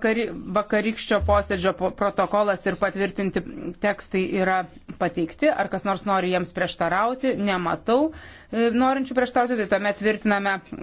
vakari, vakarykščio posėdžio protokolas ir patvirtinti tekstai yra pateikti. Ar kas nors nori jiems prieštarauti? Nematau e, norinčių prieštarauti, tai tuomet tvirtiname